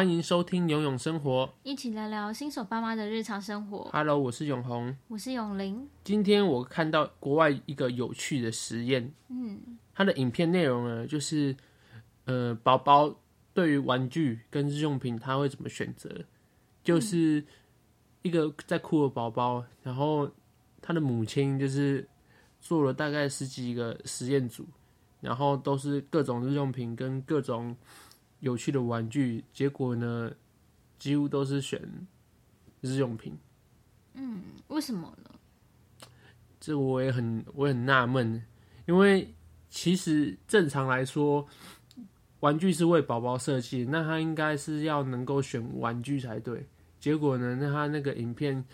歡迎收聽《永詠生活》，一起聊聊新手爸媽的日常生活。Hello，我是永紅，我是永玲。今天我看到國外一個有趣的實驗，嗯，它的影片內容呢，就是呃，寶寶對於玩具跟日用品他會怎麼選擇？就是一個在哭的寶寶，然後他的母親就是做了大概十幾個實驗組，然後都是各種日用品跟各種。有趣的玩具，結果呢，幾乎都是選日用品。嗯，為什麼呢？這我也很，我也很納悶。因為其實正常來說，玩具是為寶寶設計，那他應該是要能夠選玩具才對。結果呢，那他那個影片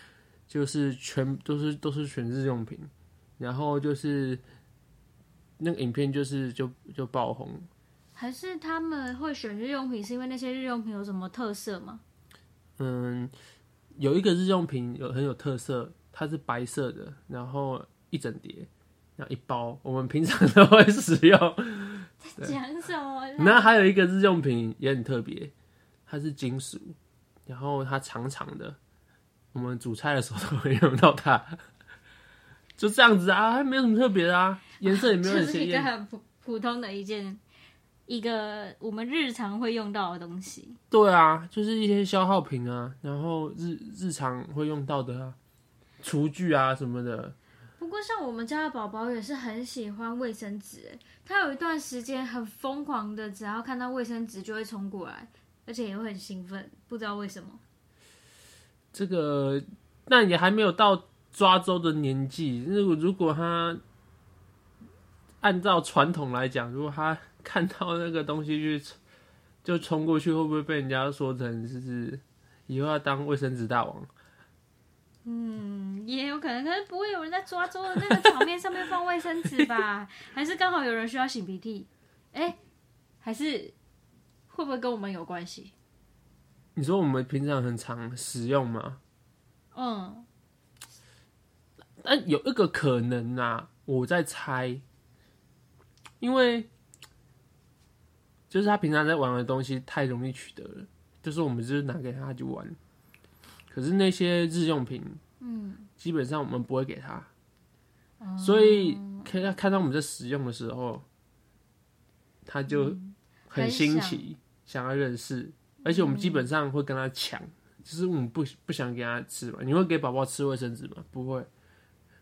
就是全、就是、都是都是選日用品，然後就是那個影片就是就就爆紅。還是他們會選日用品，是因為那些日用品有什麼特色嗎？嗯，有一個日用品有很有特色，它是白色的，然後一整疊，然後一包，我們平常都會使用。在講什麼？啊？那還有一個日用品也很特別，它是金屬，然後它長長的，我們煮菜的時候都會用到它。就這樣子啊，它沒有什麼特別的啊，顏色也沒有很鮮艷，啊、這是一個很普普通的一件，一個我們日常會用到的東西，對啊，就是一些消耗品啊，然後日日常會用到的、啊，廚具啊什麼的。不過像我們家的寶寶也是很喜歡衛生紙，他有一段時間很瘋狂的，只要看到衛生紙就會衝過來，而且也會很興奮，不知道為什麼。這個，那也還沒有到抓周的年紀，如果，如果他按照傳統來講，如果他。看到那個東西去就衝過去，會不會被人家說成是以後要當衛生紙大王？嗯，也有可能，可是不會有人在抓周的那個場面上面放衛生紙吧？ 還是剛好有人需要擤鼻涕？哎、欸，還是會不會跟我們有關係？你說我們平常很常使用嗎？嗯，但有一個可能啊，我在猜，因為。就是他平常在玩的東西太容易取得了，就是我們就是拿給他就玩。可是那些日用品，嗯，基本上我們不會給他，所以看看到我們在使用的時候，他就很新奇，想要認識。而且我們基本上會跟他搶，就是我們不不想給他吃嘛。你會給寶寶吃衛生紙嗎？不會。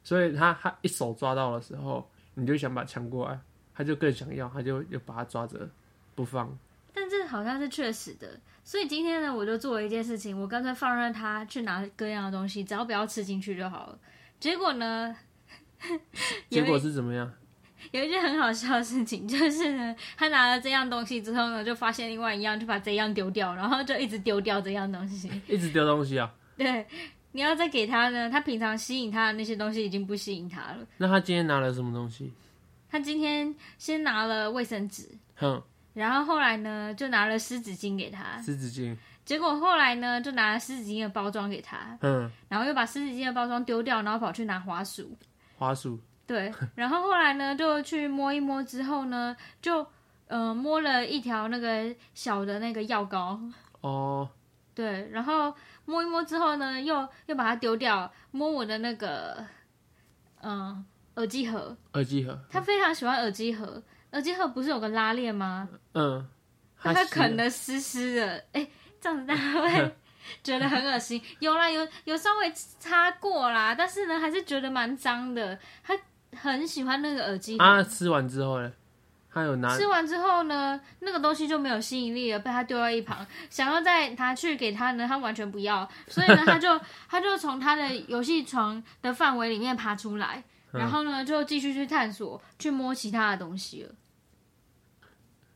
所以他他一手抓到的時候，你就想把他搶過來，他就更想要，他就又把他抓着。不放，但這好像是確實的。所以今天呢，我就做了一件事情：我乾脆放任他去拿各樣的東西，只要不要吃進去就好了。結果呢？結果是怎麼樣？有…有一件很好笑的事情，就是呢，他拿了這樣東西之後呢，就發現另外一樣，就把這樣丟掉，然後就一直丟掉這樣東西，一直丟東西啊。對，你要再給他呢，他平常吸引他的那些東西已經不吸引他了。那他今天拿了什麼東西？他今天先拿了衛生紙，哼。然後後來呢，就拿了濕紙巾給他。濕紙巾。結果後來呢，就拿了濕紙巾的包裝給他。嗯。然後又把濕紙巾的包裝丟掉，然後跑去拿花束。花束。對。然後後來呢，就去摸一摸之後呢，就嗯、呃、摸了一條那個小的那個藥膏。哦。對。然後摸一摸之後呢，又又把它丟掉，摸我的那個嗯、呃、耳機盒。耳機盒。他非常喜歡耳機盒。嗯。嗯。耳機盒不是有個拉鏈嗎？嗯，他啃的濕濕的，哎、呃，這樣子大家會覺得很噁心。有啦，有有稍微擦過啦，但是呢，還是覺得蠻髒的。他很喜歡那個耳機盒，啊。吃完之後呢，他有拿，吃完之後呢，那個東西就沒有吸引力了，被他丟在一旁。想要再拿去給他呢，他完全不要。所以呢，他就他就從他的遊戲床的範圍裡面爬出來，然後呢，就繼續去探索，去摸其他的東西了。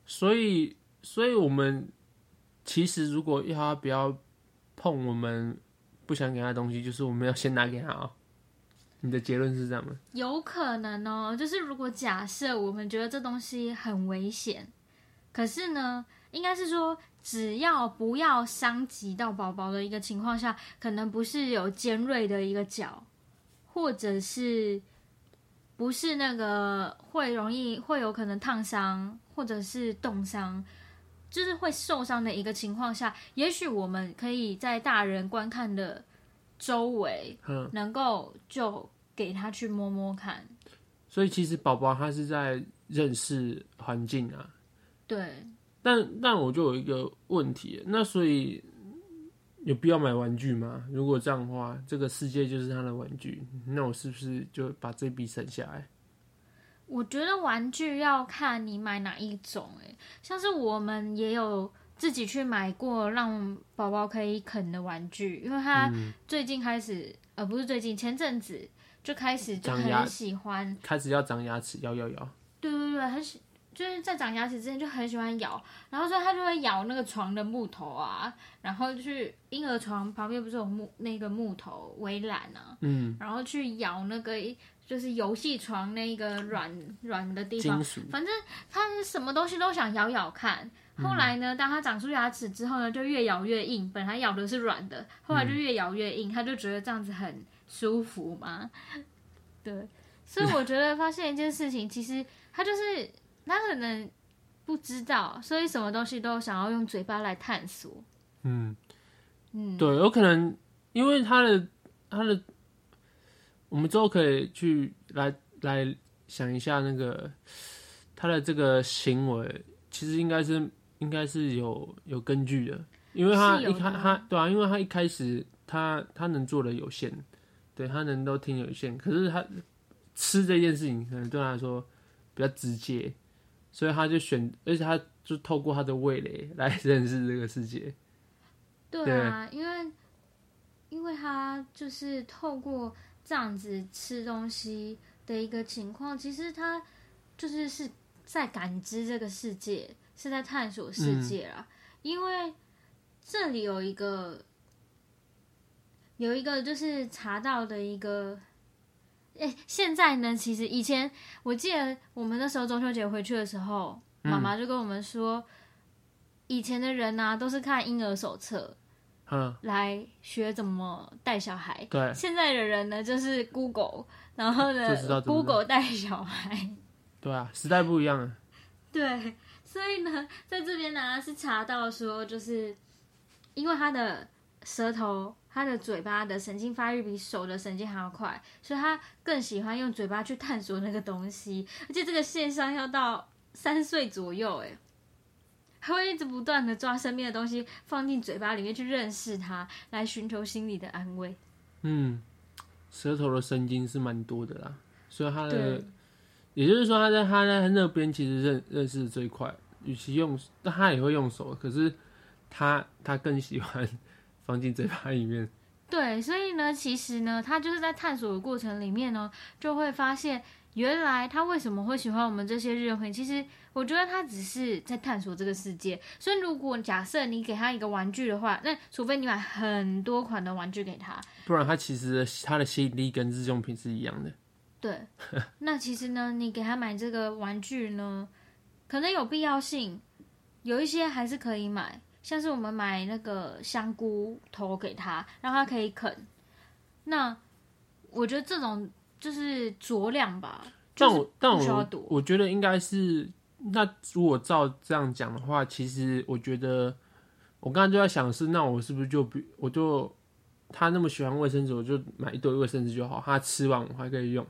所以，所以我們其實如果要他不要碰我們不想給他的東西，就是我們要先拿給他喔。你的結論是這樣嗎？有可能哦、喔，就是如果假設我們覺得這東西很危險，可是呢，應該是說只要不要傷及到寶寶的一個情況下，可能不是有尖銳的一個角，或者是。不是那個會容易會有可能燙傷或者是凍傷，就是會受傷的一個情況下，也許我們可以在大人觀看的周圍，能夠就給他去摸摸看。嗯，所以其實寶寶他是在認識環境啊。對。但但我就有一個問題，那所以。有必要買玩具嗎？如果這樣的話，這個世界就是他的玩具，那我是不是就把這筆省下來？我覺得玩具要看你買哪一種，欸，像是我們也有自己去買過讓寶寶可以啃的玩具，因為他最近開始，嗯、呃，不是最近，前陣子就開始就很喜歡，開始要長牙齒，咬咬咬，對對對，很喜。就是在長牙齒之前就很喜歡咬，然後所以他就會咬那個床的木頭啊，然後去嬰兒床旁邊不是有木那個木頭圍欄呢？嗯，然後去咬那個就是遊戲床那個軟軟的地方，反正他什麼東西都想咬咬看。嗯、後來呢，當他長出牙齒之後呢，就越咬越硬，本來咬的是軟的，後來就越咬越硬，嗯，他就覺得這樣子很舒服嘛。對，所以我覺得發現一件事情，嗯、其實他就是。他可能不知道，所以什麼東西都想要用嘴巴來探索。嗯嗯，對，有可能因為他的他的，我們之後可以去來來想一下那個他的這個行為，其實應該是應該是有有根據的，因為他一他他對啊，因為他一開始他他能做的有限，對，他能都挺有限，可是他吃這件事情可能對他來說比較直接。所以他就選，而且他就透過他的味蕾來認識這個世界。對啊，對，因為因為他就是透過這樣子吃東西的一個情況，其實他就是是在感知這個世界，是在探索世界啦。嗯，因為這裡有一個有一個就是查到的一個，哎、欸，現在呢，其實以前，我記得我們那時候中秋節回去的時候，媽媽就跟我們說，嗯、以前的人呢、啊、都是看嬰兒手冊，嗯，來學怎麼帶小孩。對，現在的人呢就是 Google，然後呢 Google 帶小孩、啊。對啊，時代不一樣了。對，所以呢，在這邊呢是查到說，就是因為他的舌頭。他的嘴巴的神經發育比手的神經還要快，所以他更喜歡用嘴巴去探索那個東西。而且這個現象要到三歲左右，哎，他會一直不斷的抓身邊的東西放進嘴巴裡面去認識它，來尋求心理的安慰。嗯，舌頭的神經是蠻多的啦，所以他的，也就是說他在他在那邊其實認認識的最快。與其用，他也會用手，可是他他更喜歡，放進嘴巴裡面 ，對，所以呢，其實呢，他就是在探索的過程裡面呢，就會發現原來他為什麼會喜歡我們這些日用品。其實我覺得他只是在探索這個世界。所以如果假設你給他一個玩具的話，那除非你買很多款的玩具給他，不然他其實他的吸引力跟日用品是一樣的。 對，那其實呢，你給他買這個玩具呢，可能有必要性，有一些還是可以買。像是我們買那個香菇頭給他，讓他可以啃。那我覺得這種就是酌量吧。但我、就是、但我我覺得應該是，那如果照這樣講的話，其實我覺得我剛剛就在想的是，那我是不是就比我就他那麼喜歡衛生紙，我就買一堆衛生紙就好，他吃完我還可以用。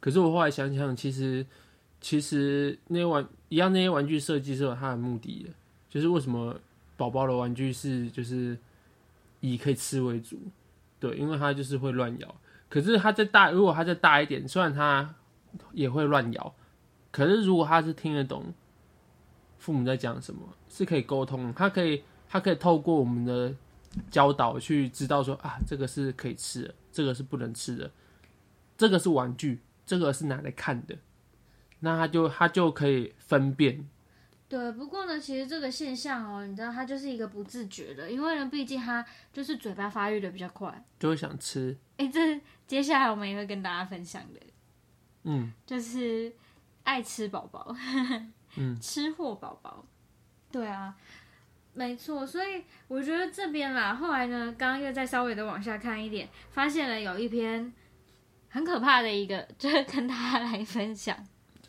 可是我後來想想，其實其實那些玩一樣那些玩具設計是有它的目的的，就是為什麼。寶寶的玩具是就是以可以吃為主，對，因為他就是會亂咬。可是他再大，如果他再大一點，雖然他也會亂咬，可是如果他是聽得懂父母在講什麼，是可以溝通，他可以他可以透過我們的教導去知道說啊，這個是可以吃的，這個是不能吃的，這個是玩具，這個是拿來看的，那他就他就可以分辨。對，不過呢，其實這個現象哦、喔，你知道，它就是一個不自覺的，因為呢，畢竟他就是嘴巴發育得比較快，就會想吃。哎、欸，這接下來我們也會跟大家分享的，嗯，就是愛吃寶寶， 嗯，吃貨寶寶，對啊，沒錯。所以我覺得這邊啦，後來呢，剛剛又再稍微的往下看一點，發現了有一篇很可怕的一個，就是跟大家來分享。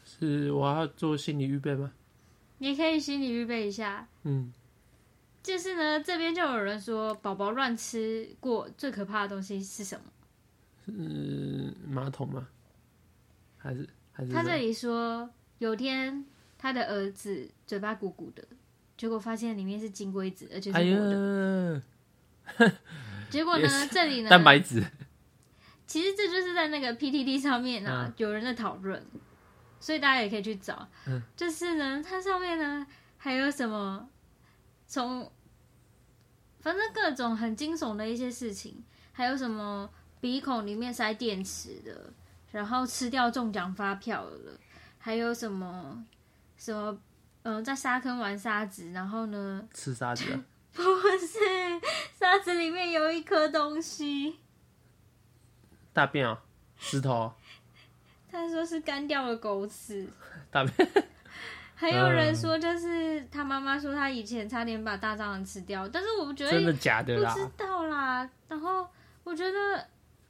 是我要做心理預備嗎？你可以心理預備一下，嗯，就是呢，這邊就有人說，寶寶亂吃過最可怕的東西是什麼？是馬桶嗎？還是還是？他這裡說，有天他的兒子嘴巴鼓鼓的，結果發現裡面是金龜子，而且是活的。哎、 結果呢？Yes, 這裡呢？蛋白質。其實這就是在那個 PTT 上面呢、啊啊，有人在討論。所以大家也可以去找，嗯、就是呢，它上面呢還有什麼？從反正各種很驚悚的一些事情，還有什麼鼻孔裡面塞電池的，然後吃掉中獎發票的，還有什麼什麼嗯、呃，在沙坑玩沙子，然後呢？吃沙子？ 不是，沙子裡面有一顆東西。大便啊、喔，石頭。 他說是乾掉了狗屎， 還有人說就是他媽媽說他以前差點把大蟑螂吃掉，但是我不覺得，真的假的啦，不知道啦。然後我覺得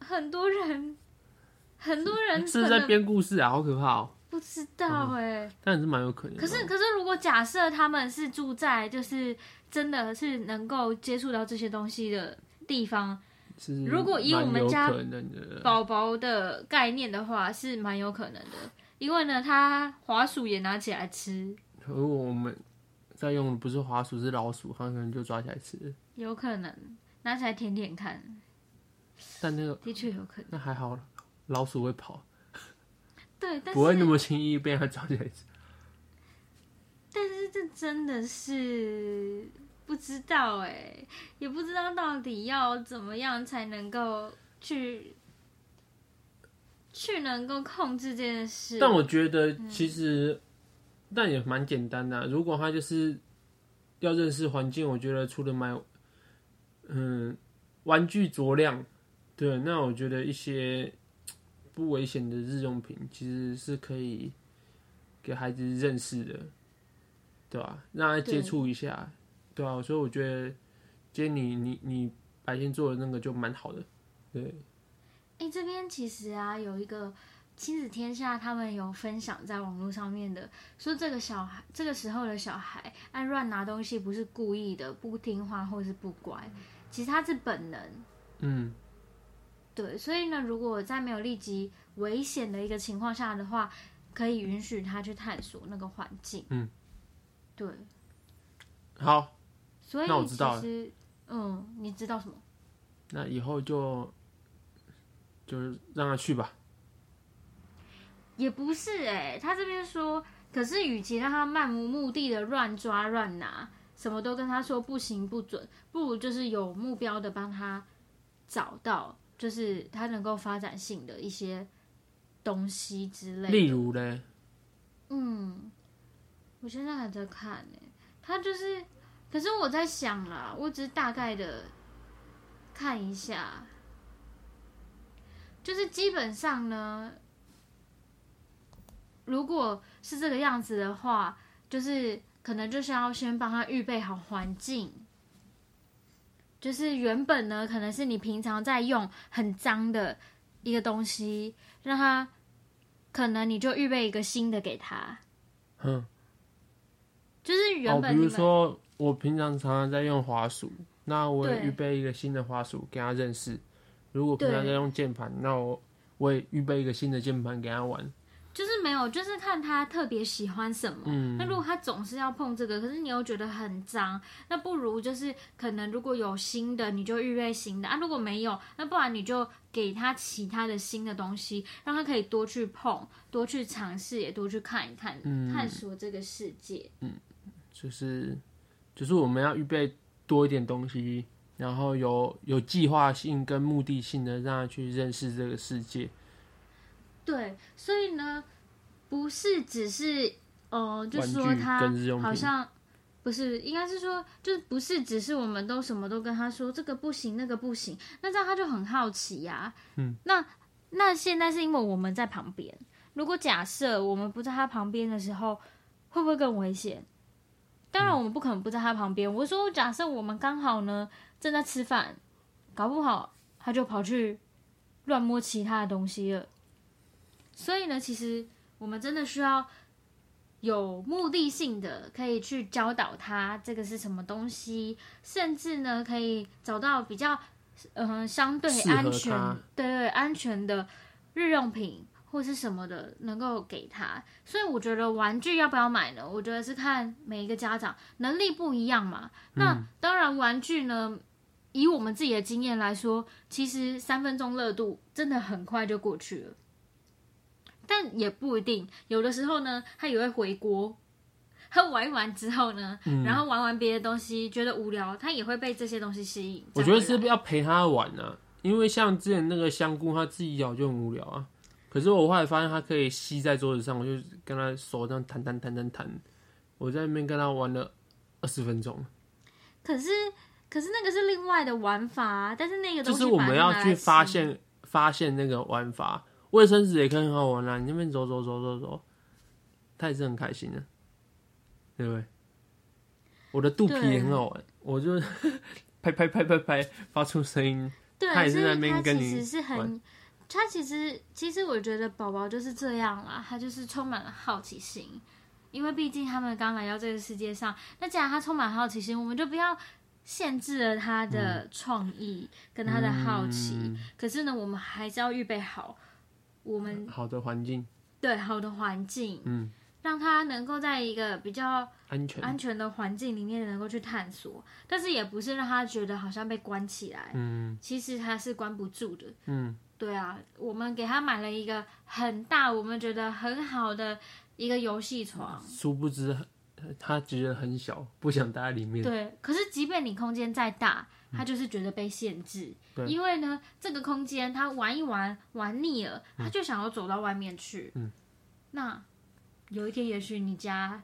很多人，很多人是在編故事啊，好可怕哦、喔，不知道哎、欸嗯。但是蠻有可能。可是可是，如果假設他們是住在就是真的是能夠接觸到這些東西的地方。如果以我們家寶寶的概念的話，寶寶的話是蠻有可能的，因為呢，它，滑鼠也拿起來吃。如果我們在用的不是滑鼠，是老鼠，很可能就抓起來吃。有可能拿起來舔舔看。但那個的確有可能。那還好，老鼠會跑。對，但是不會那麼輕易被他抓起來吃。但是這真的是。不知道哎、欸，也不知道到底要怎麼樣才能夠去去能夠控制這件事。但我覺得其實，嗯、但也蠻簡單的、啊。如果他就是要認識環境，我覺得除了買嗯玩具酌量，對，那我覺得一些不危險的日用品其實是可以給孩子認識的，對吧？讓他接觸一下。對啊，所以我覺得，今天你你你白天做的那個就蠻好的，對。哎、欸，這邊其實啊，有一個親子天下，他們有分享在網絡上面的，說這個小孩這個時候的小孩，愛亂拿東西不是故意的，不聽話或者是不乖，其實他是本能。嗯。對，所以呢，如果在沒有立即危險的一個情況下的話，可以允許他去探索那個環境。嗯。對。好。所以其實，嗯，你知道什麼？那以後就就是讓他去吧。也不是誒、欸，他這邊說，可是，與其讓他，他漫無目的的亂抓亂拿，什麼都跟他說不行不准，不如就是有目標的幫他找到，就是他能夠發展性的一些東西之類。例如嘞，嗯，我現在還在看呢、欸，他就是。可是我在想啦，我只是大概的看一下，就是基本上呢，如果是這個樣子的話，就是可能就是要先幫他預備好環境，就是原本呢可能是你平常在用很髒的一個東西，讓他可能你就預備一個新的給他，嗯就是原本哦，比如說我平常常常在用滑鼠，那我也預備一個新的滑鼠給他認識。如果平常在用鍵盤，那我我也預備一個新的鍵盤給他玩。就是沒有，就是看他特別喜歡什麼。嗯。那如果他總是要碰這個，可是你又覺得很髒，那不如就是可能如果有新的，你就預備新的啊。如果沒有，那不然你就給他其他的新的東西，讓他可以多去碰，多去嘗試，也多去看一看，嗯，探索這個世界。嗯。就是，就是我們要預備多一點東西，然後有有計劃性跟目的性的讓他去認識這個世界。對，所以呢，不是只是呃就說他好像不是，應該是說就是不是只是我們都什麼都跟他說這個不行那個不行，那這樣他就很好奇呀、啊。嗯，那那現在是因為我們在旁邊。如果假設我們不在他旁邊的時候，會不會更危險？當然，我們不可能不在他旁邊。我說，假設我們剛好呢正在吃飯，搞不好他就跑去亂摸其他的東西了。所以呢，其實我們真的需要有目的性的，可以去教導他這個是什麼東西，甚至呢可以找到比較嗯、呃、相對安全，對，對安全的日用品。或是什麼的能夠給他，所以我覺得玩具要不要買呢？我覺得是看每一個家長能力不一樣嘛。那當然，玩具呢，以我們自己的經驗來說，其實三分鐘熱度真的很快就過去了，但也不一定。有的時候呢，他也會回鍋。他玩完之後呢，然後玩完別的東西覺得無聊，他也會被這些東西吸引。嗯、我覺得是不是要陪他玩呢、啊？因為像之前那個香菇，他自己咬就很無聊啊。可是我後來發現它可以吸在桌子上，我就跟它手這樣彈彈彈彈彈，我在那邊跟它玩了二十分鐘。可是，可是那個是另外的玩法，但是那個就是我們要去發現發現那個玩法。衛生紙也可以很好玩啊，你那邊走走走走走，他也是很開心的啊，對不對？我的肚皮也很好玩，我就 拍拍拍拍拍，發出聲音，他也是在那邊跟你玩。他其實，其實我覺得寶寶就是這樣啦，他就是充滿了好奇心，因為畢竟他們剛來到這個世界上。那既然他充滿好奇心，我們就不要限制了他的創意跟他的好奇，嗯嗯。可是呢，我們還是要預備好我們，嗯，好的環境，對，好的環境，嗯。讓他能夠在一個比較安全、安全的環境裡面能夠去探索，但是也不是讓他覺得好像被關起來。嗯，其實他是關不住的。嗯，對啊，我們給他買了一個很大，我們覺得很好的一個遊戲床。嗯，殊不知，他覺得很小，不想待在裡面。對，可是即便你空間再大，他就是覺得被限制。對，嗯，因為呢，這個空間他玩一玩，玩膩了，他就想要走到外面去。嗯，那。有一天，也許你家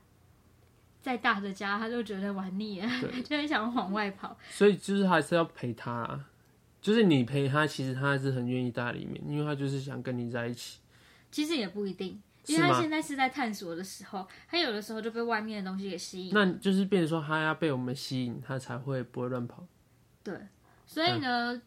再大的家，他就覺得玩膩了， 就很想往外跑。所以就是還是要陪他，啊，就是你陪他，其實他還是很願意在裡面，因為他就是想跟你在一起。其實也不一定，因為他現在是在探索的時候，他有的時候就被外面的東西給吸引。那就是變成說，他要被我們吸引，他才會不會亂跑。對，所以呢，嗯、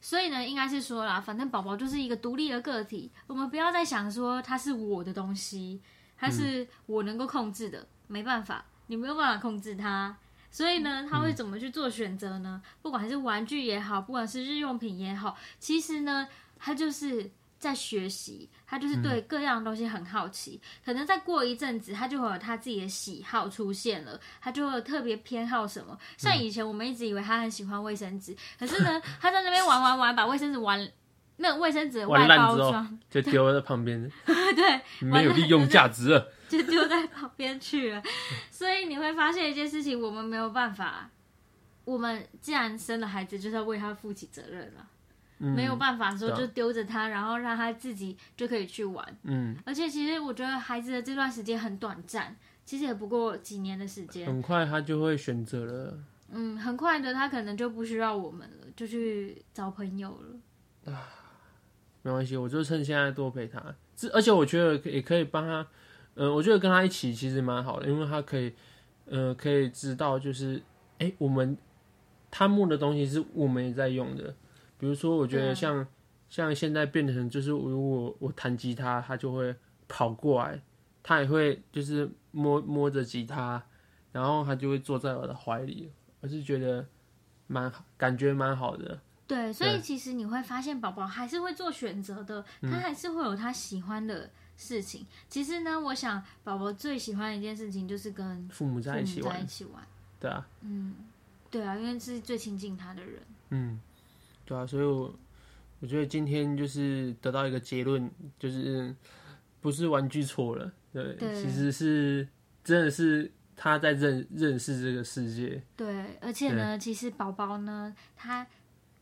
所以呢，應該是說啦，反正寶寶就是一個獨立的個體，我們不要再想說他是我的東西。他是我能夠控制的、嗯，沒辦法，你沒有辦法控制他，所以呢，他會怎麼去做選擇呢、嗯？不管是玩具也好，不管是日用品也好，其實呢，他就是在學習，他就是對各樣的東西很好奇。嗯、可能再過一陣子，他就會有他自己的喜好出現了，他就會特別偏好什麼。像以前我們一直以為他很喜歡衛生紙、嗯，可是呢，他 在那邊玩玩玩，把衛生紙玩。那衛生紙外包裝、哦、就丟在旁邊，對，沒有利用價值，就丟在旁邊去了。 所以你會發現一件事情，我們沒有辦法，我們既然生了孩子，就是要為他負起責任了。嗯、沒有辦法說就丟着他、啊，然後讓他自己就可以去玩。嗯，而且其實我覺得孩子的這段時間很短暫，其實也不過幾年的時間，很快他就會選擇了。嗯，很快的，他可能就不需要我們了，就去找朋友了。啊。沒關係，我就趁現在多陪他。這而且我覺得也可以幫他，嗯、呃，我覺得跟他一起其實蠻好的，因為他可以，呃，可以知道就是，哎、欸，我們他摸的東西是我們也在用的。比如說，我覺得像像現在變成就是我，如果我彈吉他，他就會跑過來，他也會就是摸摸着吉他，然後他就會坐在我的懷裡。我是覺得蠻好，感覺蠻好的。對，所以其實你會發現，寶寶還是會做選擇的，他、嗯、還是會有他喜歡的事情。其實呢，我想寶寶最喜歡的一件事情就是跟父母在一起玩。一起玩。對啊。嗯，對啊，因為是最親近他的人。嗯，對啊，所以我，我我覺得今天就是得到一個結論，就是不是玩具錯了，對，對，其實是真的是他在認認識這個世界。對，而且呢，其實寶寶呢，他。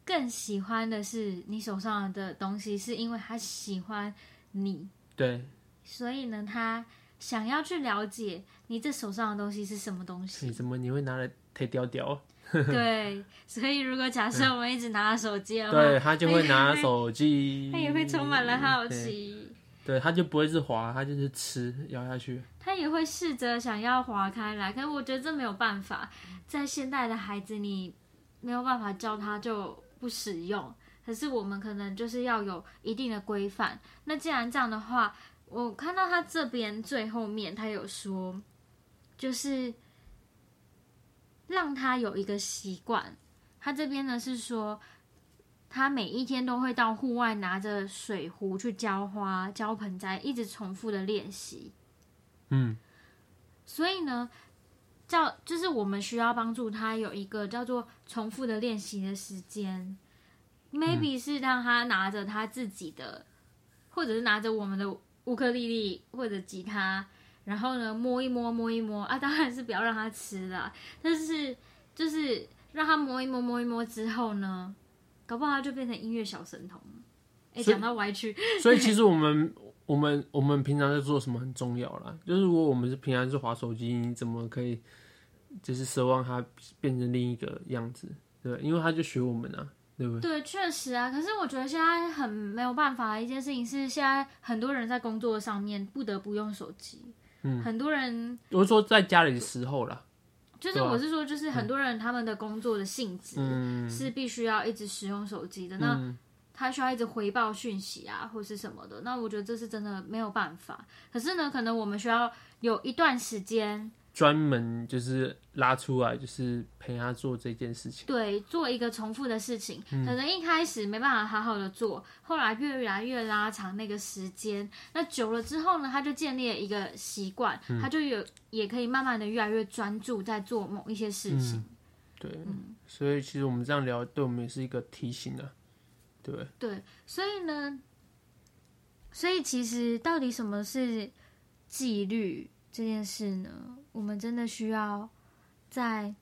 更喜歡的是你手上的東西，是因為他喜歡你，對，所以呢，他想要去了解你這手上的東西是什麼東西。你、欸、怎麼你會拿來踢叼叼？ 對，所以如果假設我們一直拿着手機的話，對，他就會拿手機， 他也會充滿了好奇，對，對他就不會是滑，他就是吃咬下去。他也會試着想要滑開來，可是我覺得這沒有辦法，在現代的孩子，你沒有辦法教他就。不使用，可是我們可能就是要有一定的規範。那既然這樣的話，我看到他這邊最後面，他有說，就是讓他有一個習慣。他這邊呢是說，他每一天都會到戶外拿着水壺去澆花、澆盆栽，一直重複的練習。嗯，所以呢，叫就是我們需要幫助他有一個叫做重複的練習的時間，maybe 是讓他拿着他自己的，或者是拿着我們的烏克麗麗或者吉他，然後呢摸一摸摸一摸啊，當然是不要讓他吃啦，但是就是讓他摸一摸摸一摸之後呢，搞不好他就變成音樂小神童。哎，講到歪曲，所以其實我們。我們我們平常在做什麼很重要啦。就是如果我們是平常是滑手機，你怎麼可以就是奢望它變成另一個樣子？對吧，因為它就學我們啊，對不對？對，確實啊。可是我覺得現在很沒有辦法的一件事情是，現在很多人在工作上面不得不用手機、嗯。很多人我是說在家裡的時候啦，就、就是我是說，就是很多人他們的工作的性質是必須要一直使用手機的。嗯、那、嗯他需要一直回報訊息啊，或是什麼的。那我覺得這是真的沒有辦法。可是呢，可能我們需要有一段時間專門就是拉出來，就是陪他做這件事情。對，做一個重複的事情，可能一開始沒辦法好好的做，嗯、後來越來越拉長那個時間。那久了之後呢，他就建立一個習慣、嗯，他就有也可以慢慢的越來越專注在做某一些事情。嗯、對、嗯，所以其實我們這樣聊，對我們也是一個提醒的。對，對，所以呢，所以其實到底什麼是紀律這件事呢？我們真的需要在，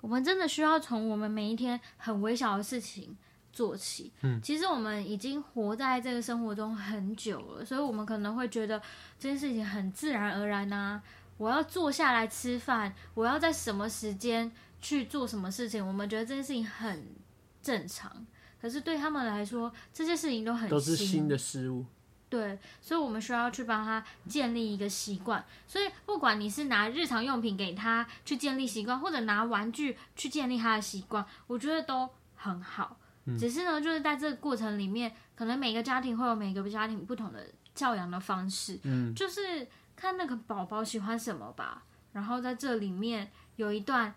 我們真的需要從我們每一天很微小的事情做起。嗯。其實我們已經活在這個生活中很久了，所以我們可能會覺得這件事情很自然而然吶，啊，我要坐下來吃飯，我要在什麼時間去做什麼事情，我們覺得這件事情很正常。可是對他們來說，這些事情都很都是新的事物，對，所以我們需要去幫他建立一個習慣，嗯。所以，不管你是拿日常用品給他去建立習慣，或者拿玩具去建立他的習慣，我覺得都很好，嗯。只是呢，就是在這個過程裡面，可能每個家庭會有每個家庭不同的教養的方式，嗯，就是看那個寶寶喜歡什麼吧。然後在這裡面有一段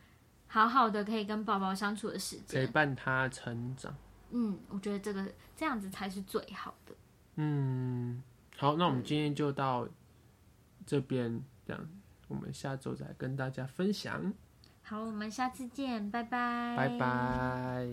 好好的可以跟寶寶相處的時間，陪伴他成長。嗯，我覺得這個這樣子才是最好的。嗯，好，那我們今天就到這邊，這樣，我們下周再跟大家分享。好，我們下次見，拜拜，拜拜。